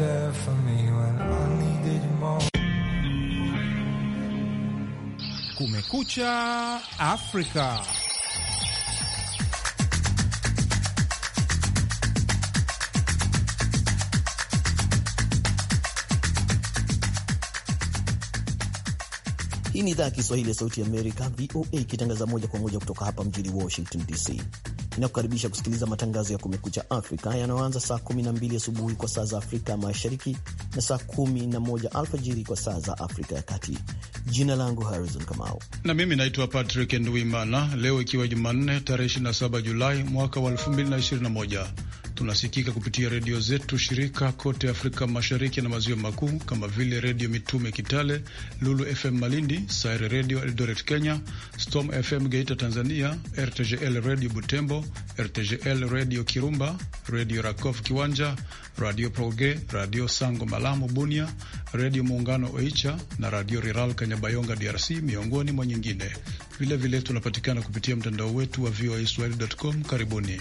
there for me when I needed more. Kumekucha Afrika. Hii ni idhaa ya Kiswahili ya Sauti ya Amerika, VOA, ikitangaza moja kwa moja kutoka hapa mjini Washington DC inakukaribisha kusikiliza matangazo ya Kumekucha Afrika yanayoanza saa 12 asubuhi kwa saa za Afrika Mashariki na saa 11 alfajiri kwa saa za Afrika ya Kati. Jina langu Harrison Kamau na mimi naitwa Patrick nduimana Leo ikiwa Jumanne tarehe 27 Julai mwaka wa 2021 Tunasikika kupitia redio zetu shirika kote Afrika Mashariki na Maziwa Makuu, kama vile Redio Mitume Kitale, Lulu FM Malindi, Saire Redio Eldoret Kenya, Storm FM Geita Tanzania, RTGL Redio Butembo, RTGL Redio Kirumba, Redio Rakof Kiwanja, Radio Proge, Radio Sango Malamu Bunia, Redio Muungano Oicha na Radio riral Kanyabayonga DRC, miongoni mwa nyingine. Vilevile tunapatikana kupitia mtandao wetu wa voa voaswahili.com. Karibuni.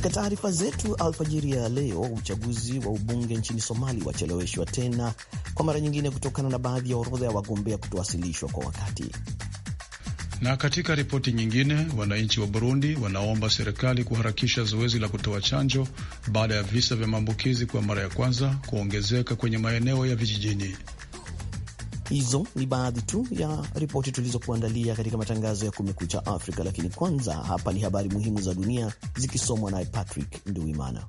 Katika taarifa zetu alfajiri ya leo, uchaguzi wa ubunge nchini Somali wacheleweshwa tena kwa mara nyingine kutokana na baadhi ya orodha ya wagombea kutowasilishwa kwa wakati. Na katika ripoti nyingine, wananchi wa Burundi wanaomba serikali kuharakisha zoezi la kutoa chanjo baada ya visa vya maambukizi kwa mara ya kwanza kuongezeka kwenye maeneo ya vijijini. Hizo ni baadhi tu ya ripoti tulizokuandalia katika matangazo ya Kumekucha Afrika, lakini kwanza hapa ni habari muhimu za dunia zikisomwa naye Patrick nduimana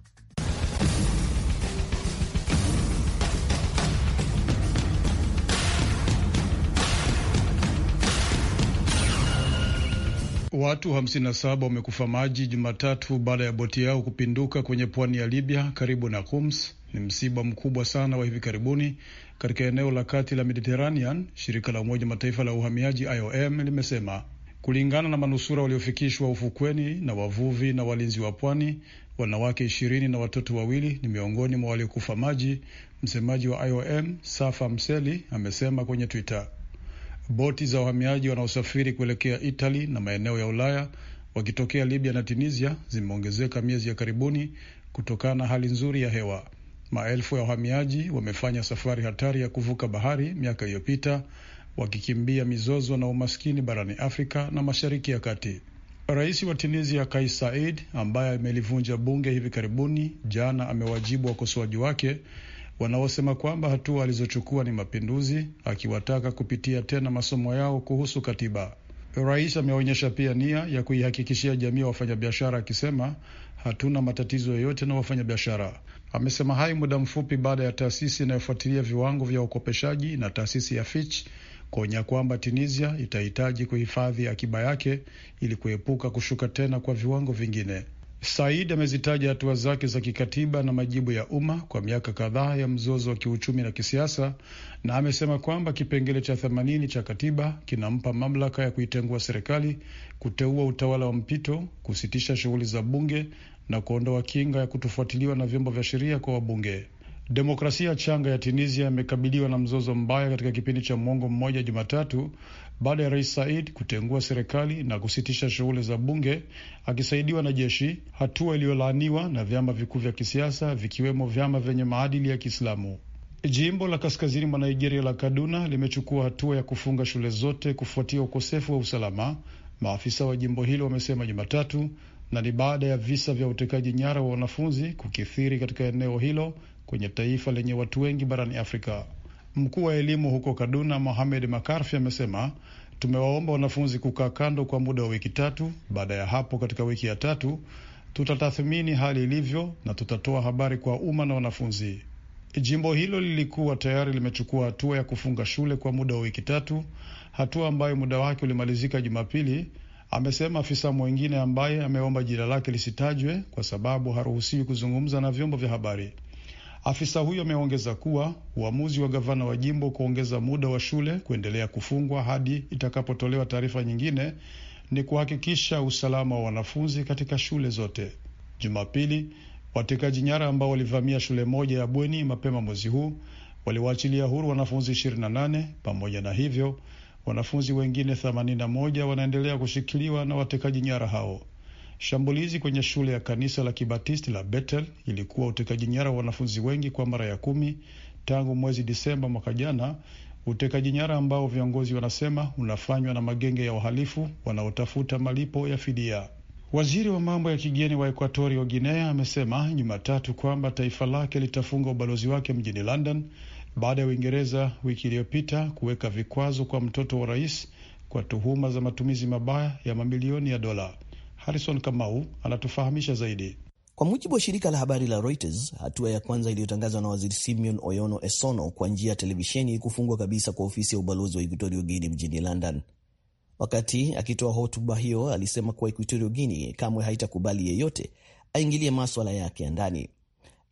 Watu 57 wamekufa maji Jumatatu baada ya boti yao kupinduka kwenye pwani ya Libya karibu na Homs. Ni msiba mkubwa sana wa hivi karibuni katika eneo la kati la Mediterranean, shirika la Umoja Mataifa la uhamiaji IOM limesema. Kulingana na manusura waliofikishwa ufukweni na wavuvi na walinzi wa pwani, wanawake ishirini na watoto wawili ni miongoni mwa waliokufa maji. Msemaji wa IOM Safa Mseli amesema kwenye Twitter boti za wahamiaji wanaosafiri kuelekea Itali na maeneo ya Ulaya wakitokea Libya na Tunisia zimeongezeka miezi ya karibuni kutokana na hali nzuri ya hewa. Maelfu ya wahamiaji wamefanya safari hatari ya kuvuka bahari miaka iliyopita wakikimbia mizozo na umaskini barani Afrika na Mashariki ya Kati. Rais wa Tunisia Kais Saied ambaye amelivunja bunge hivi karibuni, jana amewajibu wakosoaji wake wanaosema kwamba hatua alizochukua ni mapinduzi, akiwataka kupitia tena masomo yao kuhusu katiba. Rais ameonyesha pia nia ya kuihakikishia jamii ya wafanyabiashara akisema hatuna matatizo yoyote na wafanyabiashara. Amesema hayo muda mfupi baada ya taasisi inayofuatilia viwango vya ukopeshaji na taasisi ya Fitch kuonya kwamba Tunisia itahitaji kuhifadhi akiba yake ili kuepuka kushuka tena kwa viwango vingine. Said amezitaja hatua zake za kikatiba na majibu ya umma kwa miaka kadhaa ya mzozo wa kiuchumi na kisiasa, na amesema kwamba kipengele cha themanini cha katiba kinampa mamlaka ya kuitengua serikali, kuteua utawala wa mpito, kusitisha shughuli za bunge na kuondoa kinga ya kutofuatiliwa na vyombo vya sheria kwa wabunge. Demokrasia changa ya Tunisia imekabiliwa na mzozo mbaya katika kipindi cha mwongo mmoja Jumatatu baada ya rais Said kutengua serikali na kusitisha shughuli za bunge akisaidiwa na jeshi, hatua iliyolaaniwa na vyama vikuu vya kisiasa vikiwemo vyama vyenye maadili ya Kiislamu. Jimbo la kaskazini mwa Nigeria la Kaduna limechukua hatua ya kufunga shule zote kufuatia ukosefu wa usalama, maafisa wa jimbo hilo wamesema Jumatatu, na ni baada ya visa vya utekaji nyara wa wanafunzi kukithiri katika eneo hilo kwenye taifa lenye watu wengi barani Afrika. Mkuu wa elimu huko Kaduna, Mohamed Makarfi, amesema tumewaomba wanafunzi kukaa kando kwa muda wa wiki tatu. Baada ya hapo, katika wiki ya tatu tutatathmini hali ilivyo na tutatoa habari kwa umma na wanafunzi. Jimbo hilo lilikuwa tayari limechukua hatua ya kufunga shule kwa muda wa wiki tatu, hatua ambayo muda wake ulimalizika Jumapili, amesema afisa mwingine ambaye ameomba jina lake lisitajwe kwa sababu haruhusiwi kuzungumza na vyombo vya habari. Afisa huyo ameongeza kuwa uamuzi wa gavana wa jimbo kuongeza muda wa shule kuendelea kufungwa hadi itakapotolewa taarifa nyingine ni kuhakikisha usalama wa wanafunzi katika shule zote. Jumapili, watekaji nyara ambao walivamia shule moja ya bweni mapema mwezi huu waliwaachilia huru wanafunzi 28. Pamoja na hivyo, wanafunzi wengine 81 wanaendelea kushikiliwa na watekaji nyara hao. Shambulizi kwenye shule ya kanisa la kibatisti la Bethel ilikuwa utekaji nyara wa wanafunzi wengi kwa mara ya kumi tangu mwezi Disemba mwaka jana, utekaji nyara ambao viongozi wanasema unafanywa na magenge ya uhalifu wanaotafuta malipo ya fidia. Waziri wa mambo ya kigeni wa Ekuatorio Guinea amesema Jumatatu kwamba taifa lake litafunga ubalozi wake mjini London baada ya Uingereza wiki iliyopita kuweka vikwazo kwa mtoto wa rais kwa tuhuma za matumizi mabaya ya mamilioni ya dola. Harrison Kamau anatufahamisha zaidi. Kwa mujibu wa shirika la habari la Reuters, hatua ya kwanza iliyotangazwa na waziri Simeon Oyono Esono kwa njia ya televisheni kufungwa kabisa kwa ofisi ya ubalozi wa Equatorial Guinea mjini London. Wakati akitoa hotuba hiyo, alisema kuwa Equatorial Guinea kamwe haitakubali yeyote aingilie maswala yake ya ndani.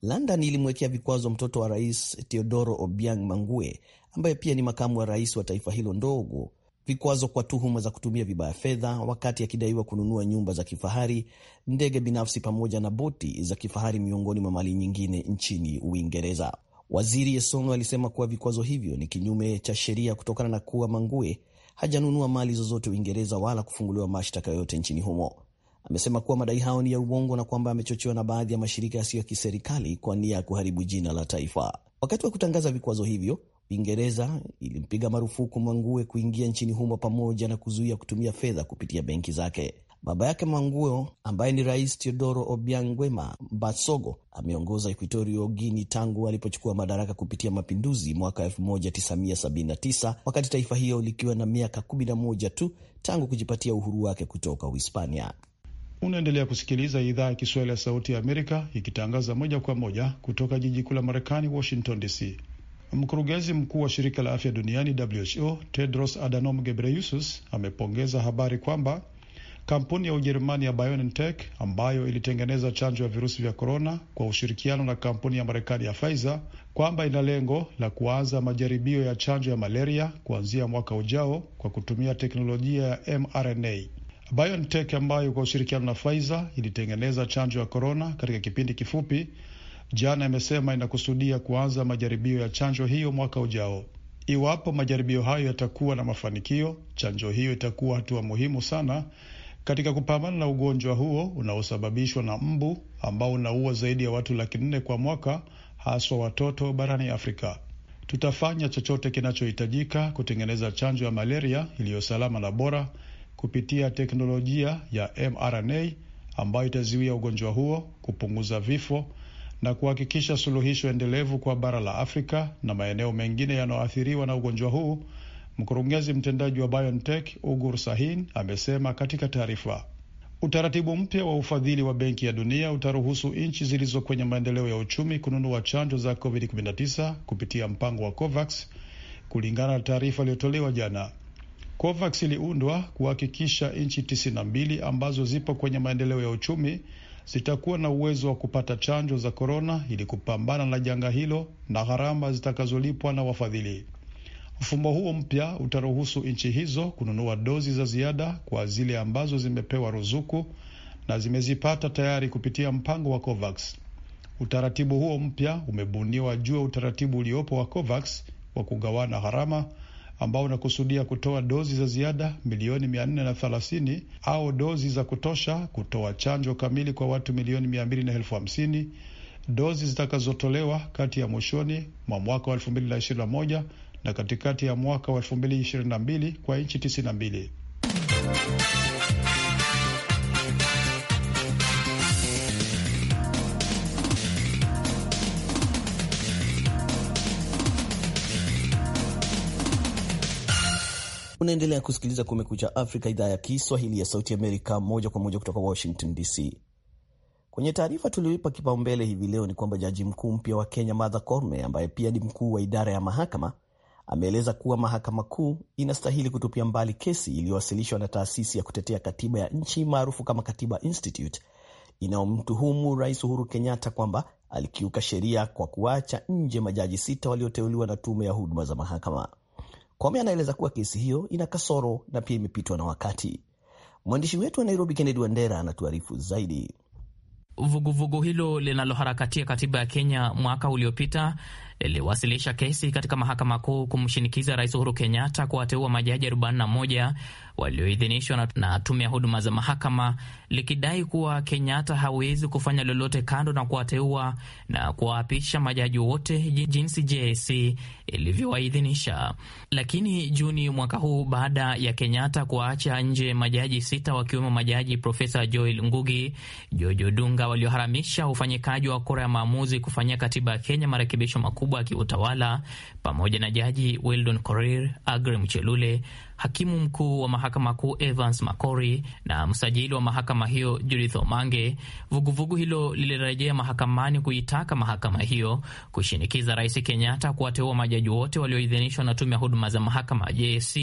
London ilimwekea vikwazo mtoto wa rais Teodoro Obiang Mangue ambaye pia ni makamu wa rais wa taifa hilo ndogo vikwazo kwa tuhuma za kutumia vibaya fedha wakati akidaiwa kununua nyumba za kifahari, ndege binafsi pamoja na boti za kifahari miongoni mwa mali nyingine nchini Uingereza. Waziri Yesongo alisema kuwa vikwazo hivyo ni kinyume cha sheria kutokana na kuwa Mangue hajanunua mali zozote Uingereza wala kufunguliwa mashtaka yoyote nchini humo. Amesema kuwa madai hayo ni ya uongo na kwamba amechochewa na baadhi ya mashirika yasiyo ya kiserikali kwa nia ya kuharibu jina la taifa. Wakati wa kutangaza vikwazo hivyo, Uingereza ilimpiga marufuku Mwangue kuingia nchini humo pamoja na kuzuia kutumia fedha kupitia benki zake. Baba yake Mwanguo ambaye ni Rais Teodoro obiangwema Mbasogo ameongoza Equatorio Guini tangu alipochukua madaraka kupitia mapinduzi mwaka 1979 wakati taifa hiyo likiwa na miaka 11 tu tangu kujipatia uhuru wake kutoka Uhispania. Unaendelea kusikiliza idhaa ya Kiswahili ya Sauti ya Amerika ikitangaza moja kwa moja kutoka jiji kuu la Marekani, Washington DC. Mkurugenzi mkuu wa shirika la afya duniani WHO Tedros Adhanom Ghebreyesus amepongeza habari kwamba kampuni ya Ujerumani ya BioNTech ambayo ilitengeneza chanjo ya virusi vya korona kwa ushirikiano na kampuni ya Marekani ya Pfizer kwamba ina lengo la kuanza majaribio ya chanjo ya malaria kuanzia mwaka ujao kwa kutumia teknolojia ya mRNA. BioNTech ambayo kwa ushirikiano na Pfizer ilitengeneza chanjo ya korona katika kipindi kifupi jana imesema inakusudia kuanza majaribio ya chanjo hiyo mwaka ujao. Iwapo majaribio hayo yatakuwa na mafanikio, chanjo hiyo itakuwa hatua muhimu sana katika kupambana na ugonjwa huo unaosababishwa na mbu ambao unaua zaidi ya watu laki nne kwa mwaka, haswa watoto barani Afrika. Tutafanya chochote kinachohitajika kutengeneza chanjo ya malaria iliyo salama na bora kupitia teknolojia ya mRNA ambayo itazuia ugonjwa huo, kupunguza vifo na kuhakikisha suluhisho endelevu kwa bara la Afrika na maeneo mengine yanayoathiriwa na ugonjwa huu, mkurugenzi mtendaji wa BioNTech Ugur Sahin amesema katika taarifa. Utaratibu mpya wa ufadhili wa Benki ya Dunia utaruhusu nchi zilizo kwenye maendeleo ya uchumi kununua chanjo za COVID-19 kupitia mpango wa COVAX kulingana na taarifa iliyotolewa jana. COVAX iliundwa kuhakikisha nchi 92 ambazo zipo kwenye maendeleo ya uchumi zitakuwa na uwezo wa kupata chanjo za korona ili kupambana na janga hilo na gharama zitakazolipwa na wafadhili. Mfumo huo mpya utaruhusu nchi hizo kununua dozi za ziada kwa zile ambazo zimepewa ruzuku na zimezipata tayari kupitia mpango wa COVAX. Utaratibu huo mpya umebuniwa juu ya utaratibu uliopo wa COVAX wa kugawana gharama ambao unakusudia kutoa dozi za ziada milioni mia nne na thelathini au dozi za kutosha kutoa chanjo kamili kwa watu milioni mia mbili na elfu hamsini dozi zitakazotolewa kati ya mwishoni mwa mwaka wa elfu mbili na ishirini na moja na katikati ya mwaka wa elfu mbili ishirini na mbili kwa nchi tisini na mbili. Unaendelea kusikiliza Kumekucha Afrika, idhaa ya Kiswahili ya Sauti Amerika, moja kwa moja kutoka Washington DC. Kwenye taarifa tulioipa kipaumbele hivi leo ni kwamba jaji mkuu mpya wa Kenya Martha Koome, ambaye pia ni mkuu wa idara ya mahakama, ameeleza kuwa mahakama kuu inastahili kutupia mbali kesi iliyowasilishwa na taasisi ya kutetea katiba ya nchi maarufu kama Katiba Institute inayomtuhumu Rais Uhuru Kenyatta kwamba alikiuka sheria kwa kuacha nje majaji sita walioteuliwa na tume ya huduma za mahakama. Kome anaeleza kuwa kesi hiyo ina kasoro na pia imepitwa na wakati. Mwandishi wetu wa Nairobi, Kennedy Wandera, anatuarifu zaidi. Vuguvugu vugu hilo linaloharakatia katiba ya Kenya mwaka uliopita liliwasilisha kesi katika mahakama kuu kumshinikiza Rais Uhuru Kenyatta kuwateua majaji 41 walioidhinishwa na tume ya huduma za mahakama, likidai kuwa Kenyatta hawezi kufanya lolote kando na kuwateua na kuwaapisha majaji wote jinsi JSC ilivyowaidhinisha. Lakini Juni mwaka huu, baada ya Kenyatta kuwaacha nje majaji sita wakiwemo majaji Profesa Joel Ngugi, George Odunga, walioharamisha ufanyikaji wa kura ya maamuzi kufanyia katiba ya Kenya marekebisho makubwa makubwa ya kiutawala pamoja na Jaji Weldon Korir, Agre Mchelule, hakimu mkuu wa mahakama kuu Evans Makori na msajili wa mahakama hiyo Judith Omange. Vuguvugu hilo lilirejea mahakamani kuitaka mahakama hiyo kushinikiza Rais Kenyatta kuwateua majaji wote walioidhinishwa na tume ya huduma za mahakama JSC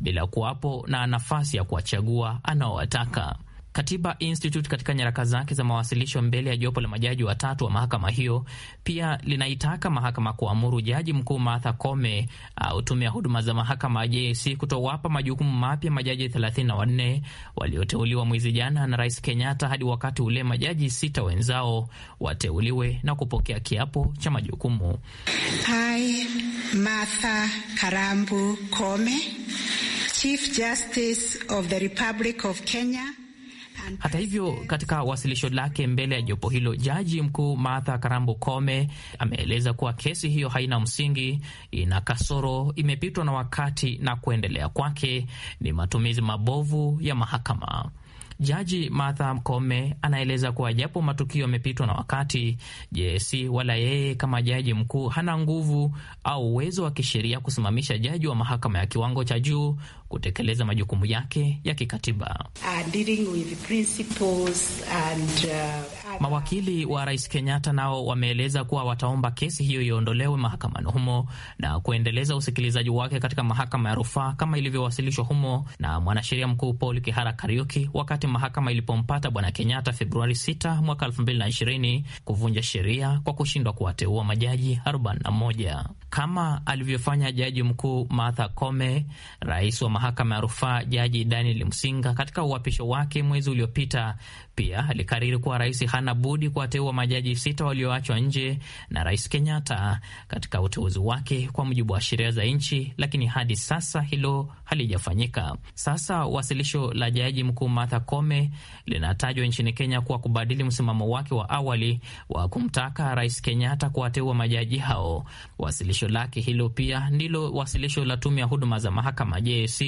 bila kuwapo na nafasi ya kuwachagua anaowataka. Katiba Institute katika nyaraka zake za mawasilisho mbele ya jopo la majaji watatu wa mahakama hiyo pia linaitaka mahakama kuamuru jaji mkuu Martha Koome au uh, tume ya huduma za mahakama JSC kutowapa majukumu mapya majaji 34 walioteuliwa mwezi jana na Rais Kenyatta hadi wakati ule majaji sita wenzao wateuliwe na kupokea kiapo cha majukumu. Hi, Martha Karambu Koome, Chief Justice of the Republic of Kenya. Hata hivyo, katika wasilisho lake mbele ya jopo hilo, jaji mkuu Martha Karambu Kome ameeleza kuwa kesi hiyo haina msingi, ina kasoro, imepitwa na wakati na kuendelea kwake ni matumizi mabovu ya mahakama. Jaji Martha Mkome anaeleza kuwa japo matukio yamepitwa na wakati, jesi wala yeye kama jaji mkuu hana nguvu au uwezo wa kisheria kusimamisha jaji wa mahakama ya kiwango cha juu kutekeleza majukumu yake ya kikatiba. Uh, Mawakili wa rais Kenyatta nao wameeleza kuwa wataomba kesi hiyo iondolewe mahakamani humo na kuendeleza usikilizaji wake katika mahakama ya rufaa kama ilivyowasilishwa humo na mwanasheria mkuu Paul Kihara Kariuki wakati mahakama ilipompata bwana Kenyatta Februari 6 mwaka 2020 kuvunja sheria kwa kushindwa kuwateua majaji 41 kama alivyofanya jaji mkuu Martha Koome. Rais wa mahakama ya rufaa Jaji Daniel Msinga katika uapisho wake mwezi uliopita pia alikariri kuwa rais hana budi kuwateua majaji sita walioachwa nje na Rais Kenyatta katika uteuzi wake kwa mujibu wa sheria za nchi, lakini hadi sasa hilo halijafanyika. Sasa wasilisho la jaji mkuu Martha Koome linatajwa nchini Kenya kuwa kubadili msimamo wake wa awali wa kumtaka Rais Kenyatta kuwateua majaji hao. Wasilisho lake hilo pia ndilo wasilisho la tume ya huduma za mahakama JSC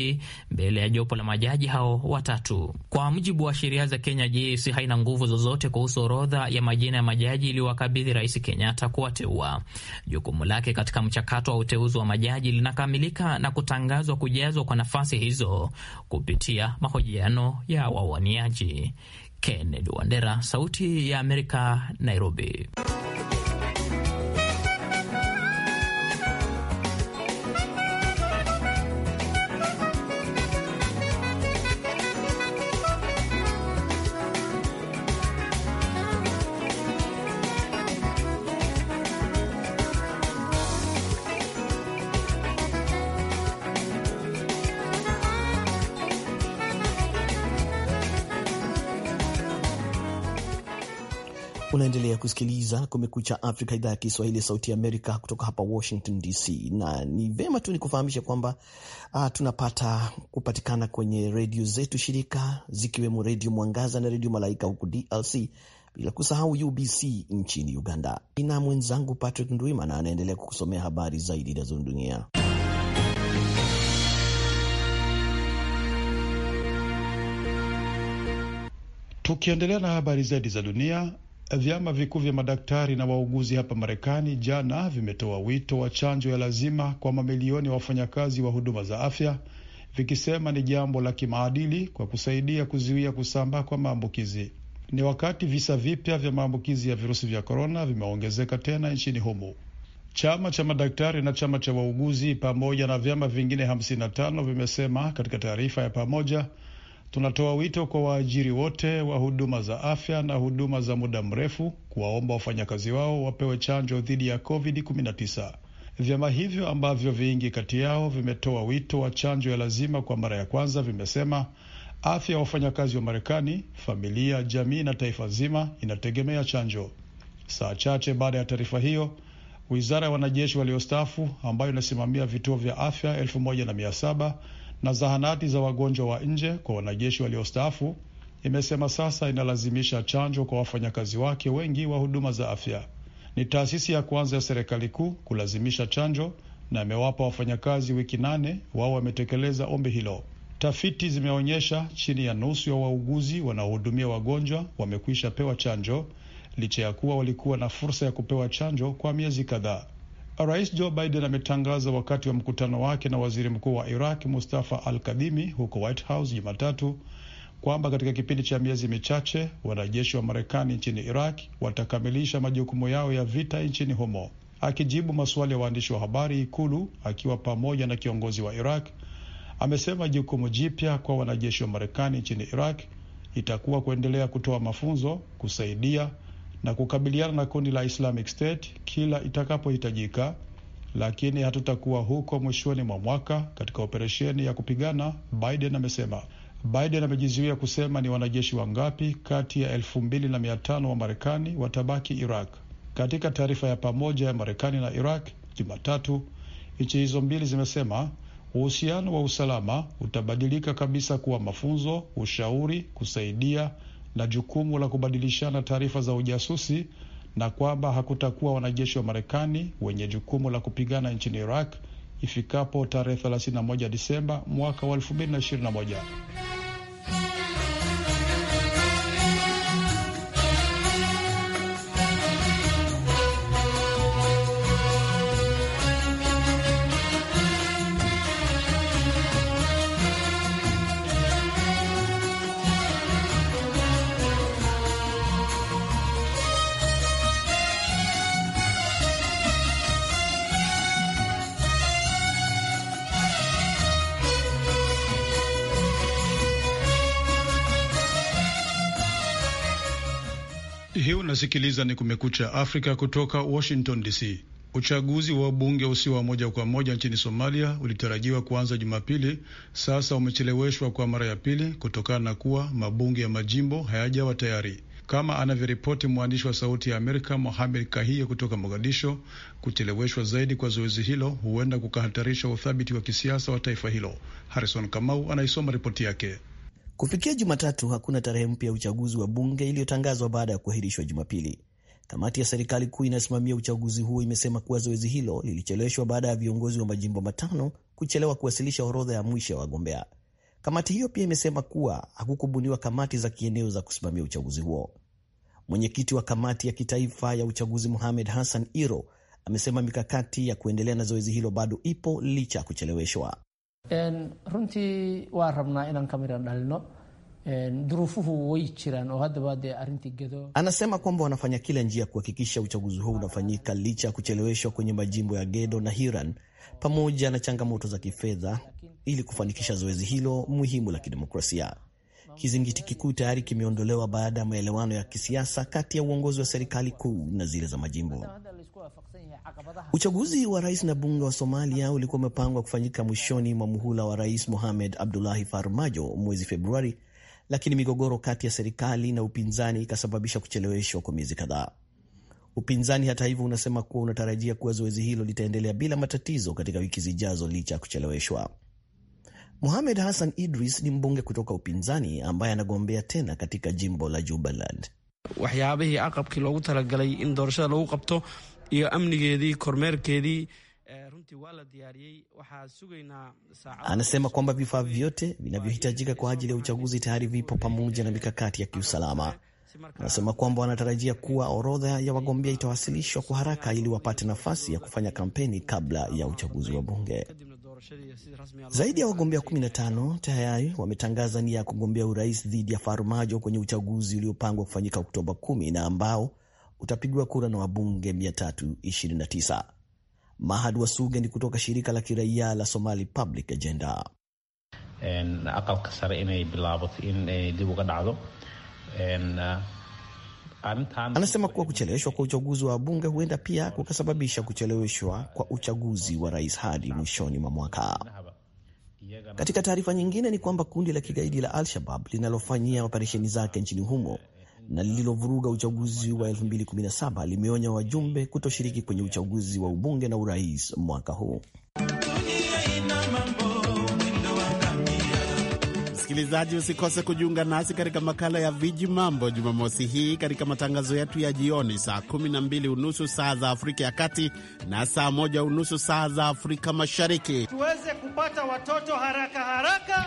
mbele ya jopo la majaji hao watatu. Kwa mujibu wa sheria za Kenya, JSC haina nguvu zozote kuhusu orodha ya majina ya majaji iliyowakabidhi Rais Kenyatta kuwateua. Jukumu lake katika mchakato wa uteuzi wa majaji linakamilika na kutangazwa kujazwa kwa nafasi hizo kupitia mahojiano ya wawaniaji. Kennedy Wandera, Sauti ya Amerika, Nairobi. kusikiliza Kumekucha Afrika, idhaa ya Kiswahili ya Sauti ya Amerika kutoka hapa Washington DC, na ni vema tu nikufahamishe kwamba uh, tunapata kupatikana kwenye redio zetu shirika zikiwemo Redio Mwangaza na Redio Malaika huku DRC, bila kusahau UBC nchini Uganda. Ina mwenzangu Patrick Ndwimana anaendelea kukusomea habari zaidi za dunia. Tukiendelea na habari zaidi za dunia, Vyama vikuu vya madaktari na wauguzi hapa Marekani jana vimetoa wito wa chanjo ya lazima kwa mamilioni ya wafanyakazi wa huduma za afya, vikisema ni jambo la kimaadili kwa kusaidia kuzuia kusambaa kwa maambukizi. Ni wakati visa vipya vya maambukizi ya virusi vya korona vimeongezeka tena nchini humo. Chama cha madaktari na chama cha wauguzi pamoja na vyama vingine 55 vimesema katika taarifa ya pamoja Tunatoa wito kwa waajiri wote wa huduma za afya na huduma za muda mrefu kuwaomba wafanyakazi wao wapewe chanjo dhidi ya COVID-19. Vyama hivyo ambavyo vingi kati yao vimetoa wito wa chanjo ya lazima kwa mara ya kwanza vimesema afya ya wafanyakazi wa Marekani, familia, jamii na taifa zima inategemea chanjo. Saa chache baada ya taarifa hiyo, wizara ya wanajeshi waliostaafu ambayo inasimamia vituo vya afya elfu moja na mia saba na zahanati za wagonjwa wa nje kwa wanajeshi waliostaafu, imesema sasa inalazimisha chanjo kwa wafanyakazi wake wengi wa huduma za afya. Ni taasisi ya kwanza ya serikali kuu kulazimisha chanjo na imewapa wafanyakazi wiki nane, wao wametekeleza ombi hilo. Tafiti zimeonyesha chini ya nusu ya wauguzi wanaohudumia wagonjwa wamekwisha pewa chanjo licha ya kuwa walikuwa na fursa ya kupewa chanjo kwa miezi kadhaa. Rais Joe Biden ametangaza wakati wa mkutano wake na waziri mkuu wa Iraq Mustafa Al Kadhimi huko White House Jumatatu kwamba katika kipindi cha miezi michache wanajeshi wa Marekani nchini Iraq watakamilisha majukumu yao ya vita nchini humo. Akijibu maswali ya waandishi wa habari Ikulu akiwa pamoja na kiongozi wa Iraq, amesema jukumu jipya kwa wanajeshi wa Marekani nchini Iraq itakuwa kuendelea kutoa mafunzo, kusaidia na kukabiliana na kundi la Islamic State kila itakapohitajika, lakini hatutakuwa huko mwishoni mwa mwaka katika operesheni ya kupigana, Biden amesema. Biden amejizuia kusema ni wanajeshi wangapi kati ya elfu mbili na mia tano wa Marekani watabaki Iraq. Katika taarifa ya pamoja ya Marekani na Iraq Jumatatu, nchi hizo mbili zimesema uhusiano wa usalama utabadilika kabisa kuwa mafunzo, ushauri, kusaidia na jukumu la kubadilishana taarifa za ujasusi na kwamba hakutakuwa wanajeshi wa Marekani wenye jukumu la kupigana nchini Iraq ifikapo tarehe 31 Disemba mwaka wa 2021. hii unasikiliza ni Kumekucha Afrika kutoka Washington DC. Uchaguzi wa bunge usio wa moja kwa moja nchini Somalia ulitarajiwa kuanza Jumapili, sasa umecheleweshwa kwa mara ya pili kutokana na kuwa mabunge ya majimbo hayajawa tayari, kama anavyoripoti mwandishi wa Sauti ya Amerika Mohamed Kahiye kutoka Mogadisho. Kucheleweshwa zaidi kwa zoezi hilo huenda kukahatarisha uthabiti wa kisiasa wa taifa hilo. Harrison Kamau anaisoma ripoti yake. Kufikia Jumatatu, hakuna tarehe mpya ya uchaguzi wa bunge iliyotangazwa baada ya kuahirishwa Jumapili. Kamati ya serikali kuu inayosimamia uchaguzi huo imesema kuwa zoezi hilo lilicheleweshwa baada ya viongozi wa majimbo matano kuchelewa kuwasilisha orodha ya mwisho ya wagombea. Kamati hiyo pia imesema kuwa hakukubuniwa kamati za kieneo za kusimamia uchaguzi huo. Mwenyekiti wa kamati ya kitaifa ya uchaguzi Mohamed Hassan Iro amesema mikakati ya kuendelea na zoezi hilo bado ipo licha ya kucheleweshwa runtii waa rabnaa inaan kamira dhalino duruufuhu way jiraan oo haddaba de arintii gedo. Anasema kwamba wanafanya kila njia kuhakikisha uchaguzi huo unafanyika licha ya kucheleweshwa kwenye majimbo ya Gedo na Hiran pamoja na changamoto za kifedha ili kufanikisha zoezi hilo muhimu la kidemokrasia. Kizingiti kikuu tayari kimeondolewa baada ya maelewano ya kisiasa kati ya uongozi wa serikali kuu na zile za majimbo. Uchaguzi wa rais na bunge wa Somalia ulikuwa umepangwa kufanyika mwishoni mwa muhula wa Rais Mohamed Abdullahi Farmajo mwezi Februari, lakini migogoro kati ya serikali na upinzani ikasababisha kucheleweshwa kwa miezi kadhaa. Upinzani hata hivyo, unasema kuwa unatarajia kuwa zoezi hilo litaendelea bila matatizo katika wiki zijazo licha ya kucheleweshwa. Mohamed Hassan Idris ni mbunge kutoka upinzani ambaye anagombea tena katika jimbo la Jubaland. waxyaabihii aqabkii loogu talagalay in doorashada lagu qabto iyo amnigeedii kormeerkeedii ee, Anasema kwamba vifaa vyote vinavyohitajika kwa ajili ya uchaguzi tayari vipo pamoja na mikakati ya kiusalama. Anasema kwamba wanatarajia kuwa orodha ya wagombea itawasilishwa kwa haraka ili wapate nafasi ya kufanya kampeni kabla ya uchaguzi wa bunge. Zaidi ya wagombea 15 tayari wametangaza nia ya kugombea urais dhidi ya Farmajo kwenye uchaguzi uliopangwa kufanyika Oktoba 10 na ambao utapigwa kura na wabunge 329. Mahad Wasuge ni kutoka shirika la kiraia la Somali Public Agenda. Eh, eh, Anasema kuwa kucheleweshwa kwa uchaguzi wa bunge huenda pia kukasababisha kucheleweshwa kwa uchaguzi wa rais hadi mwishoni mwa mwaka. Katika taarifa nyingine ni kwamba kundi la kigaidi la Al-Shabab linalofanyia operesheni zake nchini humo na lililovuruga uchaguzi wa 2017 limeonya wajumbe kutoshiriki kwenye uchaguzi wa ubunge na urais mwaka huu. Msikilizaji, usikose kujiunga nasi katika makala ya Viji Mambo Jumamosi hii katika matangazo yetu ya jioni saa kumi na mbili unusu saa za Afrika ya Kati na saa moja unusu saa za Afrika Mashariki, tuweze kupata watoto haraka haraka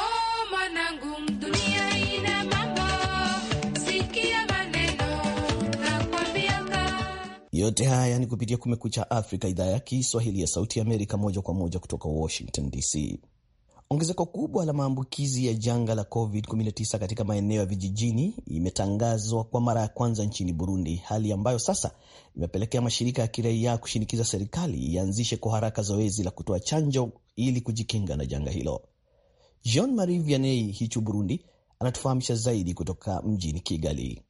Yote haya ni kupitia Kumekucha Afrika, idhaa ya Kiswahili ya Sauti ya Amerika, moja kwa moja kutoka Washington DC. Ongezeko kubwa la maambukizi ya janga la COVID-19 katika maeneo ya vijijini imetangazwa kwa mara ya kwanza nchini Burundi, hali ambayo sasa imepelekea mashirika ya kiraia kushinikiza serikali ianzishe kwa haraka zoezi la kutoa chanjo ili kujikinga na janga hilo. Jean Marie Vianney Hichu Burundi anatufahamisha zaidi kutoka mjini Kigali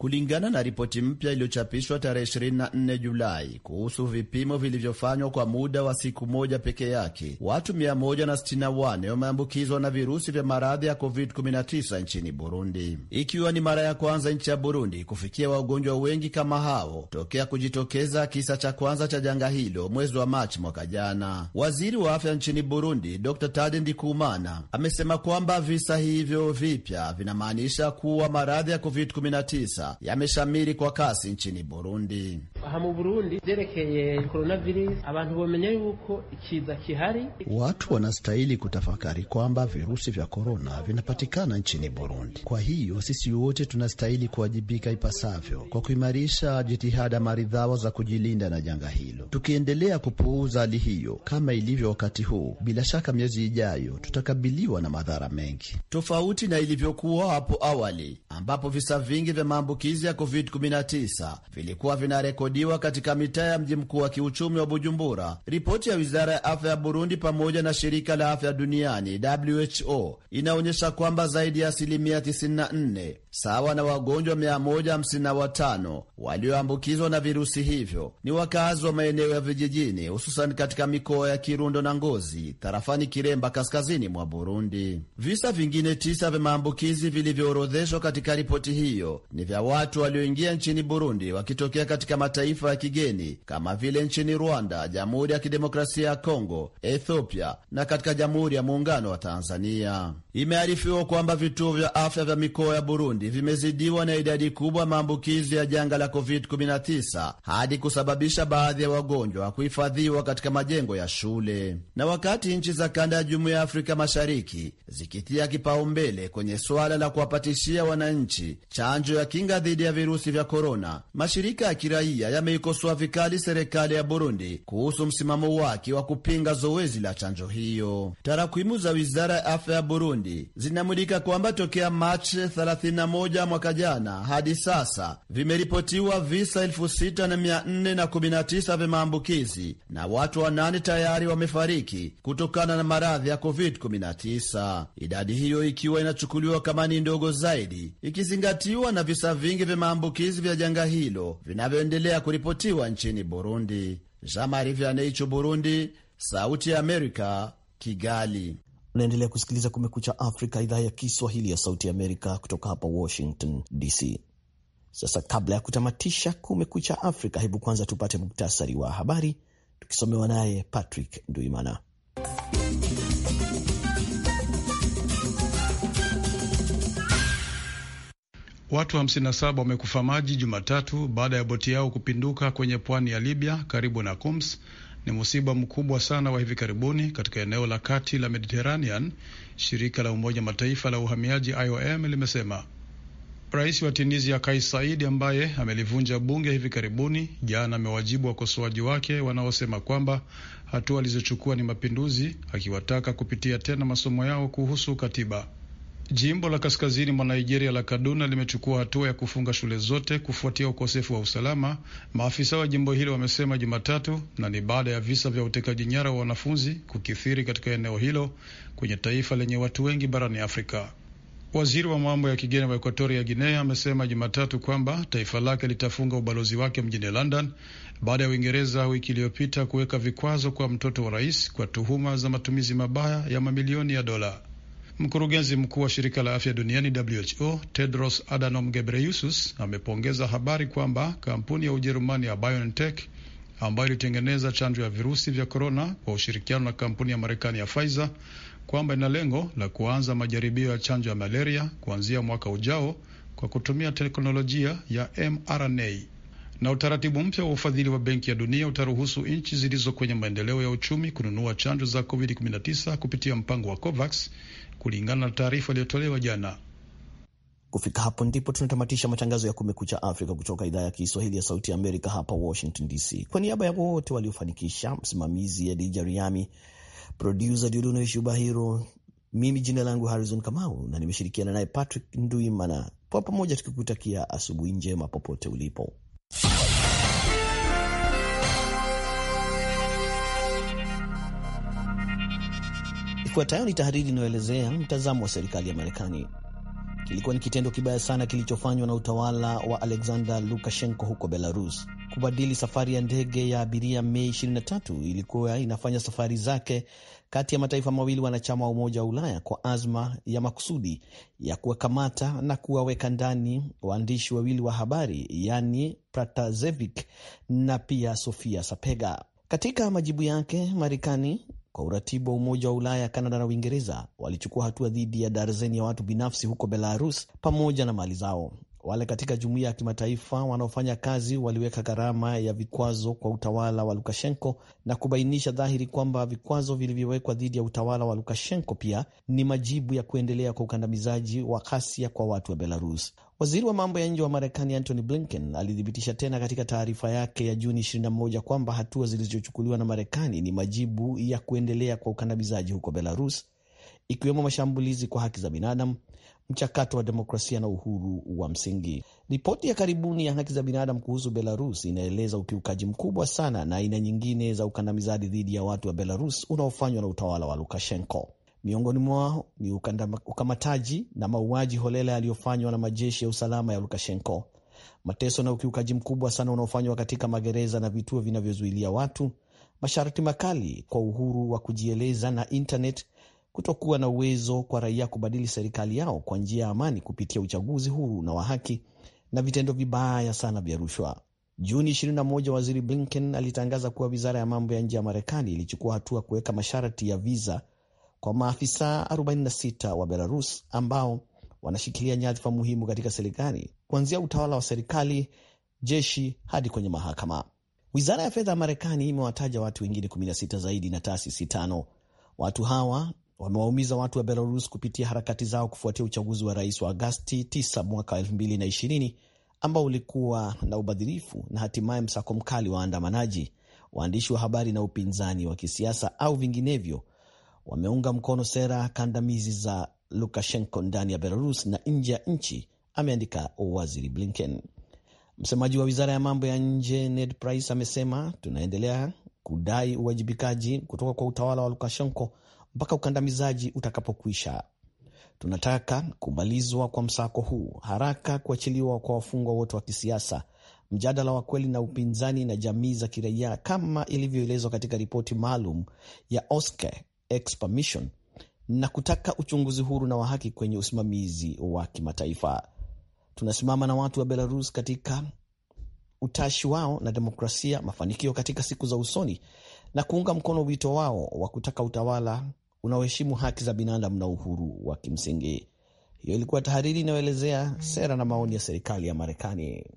kulingana na ripoti mpya iliyochapishwa tarehe 24 Julai kuhusu vipimo vilivyofanywa kwa muda wa siku moja peke yake, watu 161 wameambukizwa na virusi vya maradhi ya COVID-19 nchini Burundi, ikiwa ni mara ya kwanza nchi ya Burundi kufikia wagonjwa wengi kama hao tokea kujitokeza kisa cha kwanza cha janga hilo mwezi wa Machi mwaka jana. Waziri wa afya nchini Burundi Dr Tade Ndikumana amesema kwamba visa hivyo vipya vinamaanisha kuwa maradhi ya COVID-19 yameshamiri kwa kasi nchini Burundi. Hamuburundi, zerekeye coronavirus abantu bomenya yuko ikiza kihari. Watu wanastahili kutafakari kwamba virusi vya korona vinapatikana nchini Burundi. Kwa hiyo sisi wote tunastahili kuwajibika ipasavyo kwa kuimarisha jitihada maridhawa za kujilinda na janga hilo. Tukiendelea kupuuza hali hiyo kama ilivyo wakati huu, bila shaka miezi ijayo tutakabiliwa na madhara mengi, tofauti na ilivyokuwa hapo awali ambapo visa vingi vya maambukizi ya COVID-19 vilikuwa vinarekodi kurekodiwa katika mitaa ya mji mkuu wa kiuchumi wa Bujumbura. Ripoti ya wizara ya afya ya Burundi pamoja na shirika la afya duniani WHO inaonyesha kwamba zaidi ya asilimia 94 sawa na wagonjwa 155 walioambukizwa na virusi hivyo ni wakazi wa maeneo ya vijijini, hususan katika mikoa ya Kirundo na Ngozi tarafani Kiremba kaskazini mwa Burundi. Visa vingine tisa vya maambukizi vilivyoorodheshwa katika ripoti hiyo ni vya watu walioingia nchini Burundi wakitokea katika mata mataifa ya kigeni kama vile nchini Rwanda, Jamhuri ya Kidemokrasia ya Kongo, Ethiopia na katika Jamhuri ya Muungano wa Tanzania. Imearifiwa kwamba vituo vya afya vya mikoa ya Burundi vimezidiwa na idadi kubwa ya maambukizi ya janga la COVID-19 hadi kusababisha baadhi ya wagonjwa kuhifadhiwa katika majengo ya shule. Na wakati nchi za kanda ya Jumuiya ya Afrika Mashariki zikitia kipaumbele kwenye suala la kuwapatishia wananchi chanjo ya kinga dhidi ya virusi vya korona, mashirika ya kiraia Ulaya yameikosoa vikali serikali ya Burundi kuhusu msimamo wake wa kupinga zoezi la chanjo hiyo. tarakwimu za wizara ya afya ya Burundi zinamulika kwamba tokea Machi 31 mwaka jana hadi sasa vimeripotiwa visa 6419 vya maambukizi na watu wanane tayari wamefariki kutokana na maradhi ya COVID-19, idadi hiyo ikiwa inachukuliwa kama ni ndogo zaidi ikizingatiwa na visa vingi vya maambukizi vya janga hilo vinavyoendelea yanaendelea kuripotiwa nchini Burundi. Jamarivaneicho, Burundi, Sauti ya Amerika, Kigali. Unaendelea kusikiliza Kumekucha Afrika, idhaa ya Kiswahili ya Sauti ya Amerika kutoka hapa Washington DC. Sasa kabla ya kutamatisha Kumekucha Afrika, hebu kwanza tupate muktasari wa habari tukisomewa naye Patrick Nduimana. Watu 57 wamekufa maji Jumatatu baada ya boti yao kupinduka kwenye pwani ya Libya karibu na Coms. Ni msiba mkubwa sana wa hivi karibuni katika eneo la kati la Mediterranean, shirika la Umoja Mataifa la uhamiaji IOM limesema. Rais wa Tunisia Kais Saidi, ambaye amelivunja bunge hivi karibuni, jana amewajibu wakosoaji wake wanaosema kwamba hatua alizochukua ni mapinduzi, akiwataka kupitia tena masomo yao kuhusu katiba. Jimbo la kaskazini mwa Nigeria la Kaduna limechukua hatua ya kufunga shule zote kufuatia ukosefu wa usalama, maafisa wa jimbo hilo wamesema Jumatatu, na ni baada ya visa vya utekaji nyara wa wanafunzi kukithiri katika eneo hilo kwenye taifa lenye watu wengi barani Afrika. Waziri wa mambo ya kigeni wa Ekuatoria Guinea amesema Jumatatu kwamba taifa lake litafunga ubalozi wake mjini London baada ya Uingereza wiki iliyopita kuweka vikwazo kwa mtoto wa rais kwa tuhuma za matumizi mabaya ya mamilioni ya dola. Mkurugenzi mkuu wa shirika la afya duniani WHO Tedros Adhanom Ghebreyesus amepongeza habari kwamba kampuni ya Ujerumani ya BioNTech ambayo ilitengeneza chanjo ya virusi vya korona kwa ushirikiano na kampuni ya Marekani ya Pfizer kwamba ina lengo la kuanza majaribio ya chanjo ya malaria kuanzia mwaka ujao kwa kutumia teknolojia ya mRNA. Na utaratibu mpya wa ufadhili wa Benki ya Dunia utaruhusu nchi zilizo kwenye maendeleo ya uchumi kununua chanjo za COVID-19 kupitia mpango wa COVAX kulingana na taarifa iliyotolewa jana. Kufika hapo ndipo tunatamatisha matangazo ya Kumekucha Afrika kutoka idhaa ya Kiswahili ya Sauti ya Amerika, hapa Washington DC. Kwa niaba ya wote waliofanikisha, msimamizi ya Dija Riami, produsa Diuduno Shubahiro, mimi jina langu Harrison Kamau na nimeshirikiana naye Patrick Nduimana, kwa pamoja tukikutakia asubuhi njema popote ulipo. Ifuatayo ni tahariri inayoelezea mtazamo wa serikali ya Marekani. Kilikuwa ni kitendo kibaya sana kilichofanywa na utawala wa Alexander Lukashenko huko Belarus, kubadili safari ya ndege ya abiria Mei 23 ilikuwa inafanya safari zake kati ya mataifa mawili wanachama wa Umoja wa Ulaya kwa azma ya makusudi ya kuwakamata na kuwaweka ndani waandishi wawili wa habari, yani Pratazevik na pia Sofia Sapega. Katika majibu yake, Marekani kwa uratibu wa Umoja wa Ulaya, Kanada na Uingereza walichukua hatua dhidi ya darzeni ya watu binafsi huko Belarus pamoja na mali zao. Wale katika jumuiya ya kimataifa wanaofanya kazi waliweka gharama ya vikwazo kwa utawala wa Lukashenko na kubainisha dhahiri kwamba vikwazo vilivyowekwa dhidi ya utawala wa Lukashenko pia ni majibu ya kuendelea kwa ukandamizaji wa ghasia kwa watu wa Belarus. Waziri wa mambo ya nje wa Marekani Antony Blinken alithibitisha tena katika taarifa yake ya Juni 21 kwamba hatua zilizochukuliwa na Marekani ni majibu ya kuendelea kwa ukandamizaji huko Belarus, ikiwemo mashambulizi kwa haki za binadamu, mchakato wa demokrasia na uhuru wa msingi. Ripoti ya karibuni ya haki za binadamu kuhusu Belarus inaeleza ukiukaji mkubwa sana na aina nyingine za ukandamizaji dhidi ya watu wa Belarus unaofanywa na utawala wa Lukashenko. Miongoni mwao ni ukamataji na mauaji holela yaliyofanywa na majeshi ya usalama ya Lukashenko, mateso na ukiukaji mkubwa sana unaofanywa katika magereza na vituo vinavyozuilia watu, masharti makali kwa uhuru wa kujieleza na internet, kutokuwa na uwezo kwa raia kubadili serikali yao kwa njia ya amani kupitia uchaguzi huru na wa haki, na vitendo vibaya sana vya rushwa. Juni 21 waziri Blinken alitangaza kuwa wizara ya mambo ya nje ya Marekani ilichukua hatua kuweka masharti ya viza kwa maafisa 46 wa Belarus ambao wanashikilia nyadhifa muhimu katika serikali kuanzia utawala wa serikali, jeshi hadi kwenye mahakama. Wizara ya fedha ya Marekani imewataja watu wengine 16 zaidi na taasisi tano. Watu hawa wamewaumiza watu wa Belarus kupitia harakati zao kufuatia uchaguzi wa rais wa Agasti 9 mwaka 2020 ambao ulikuwa na ubadhirifu na hatimaye msako mkali wa waandamanaji, waandishi wa habari na upinzani wa kisiasa au vinginevyo wameunga mkono sera kandamizi za Lukashenko ndani ya Belarus na nje ya nchi, ameandika waziri Blinken. Msemaji wa wizara ya mambo ya nje Ned Price amesema, tunaendelea kudai uwajibikaji kutoka kwa utawala wa Lukashenko mpaka ukandamizaji utakapokwisha. Tunataka kumalizwa kwa msako huu haraka, kuachiliwa kwa wafungwa wote wa kisiasa, mjadala wa kweli na upinzani na jamii za kiraia, kama ilivyoelezwa katika ripoti maalum ya OSCE Expermission na kutaka uchunguzi huru na wa haki kwenye usimamizi wa kimataifa. Tunasimama na watu wa Belarus katika utashi wao na demokrasia, mafanikio katika siku za usoni, na kuunga mkono wito wao wa kutaka utawala unaoheshimu haki za binadamu na uhuru wa kimsingi. Hiyo ilikuwa tahariri inayoelezea sera na maoni ya serikali ya Marekani.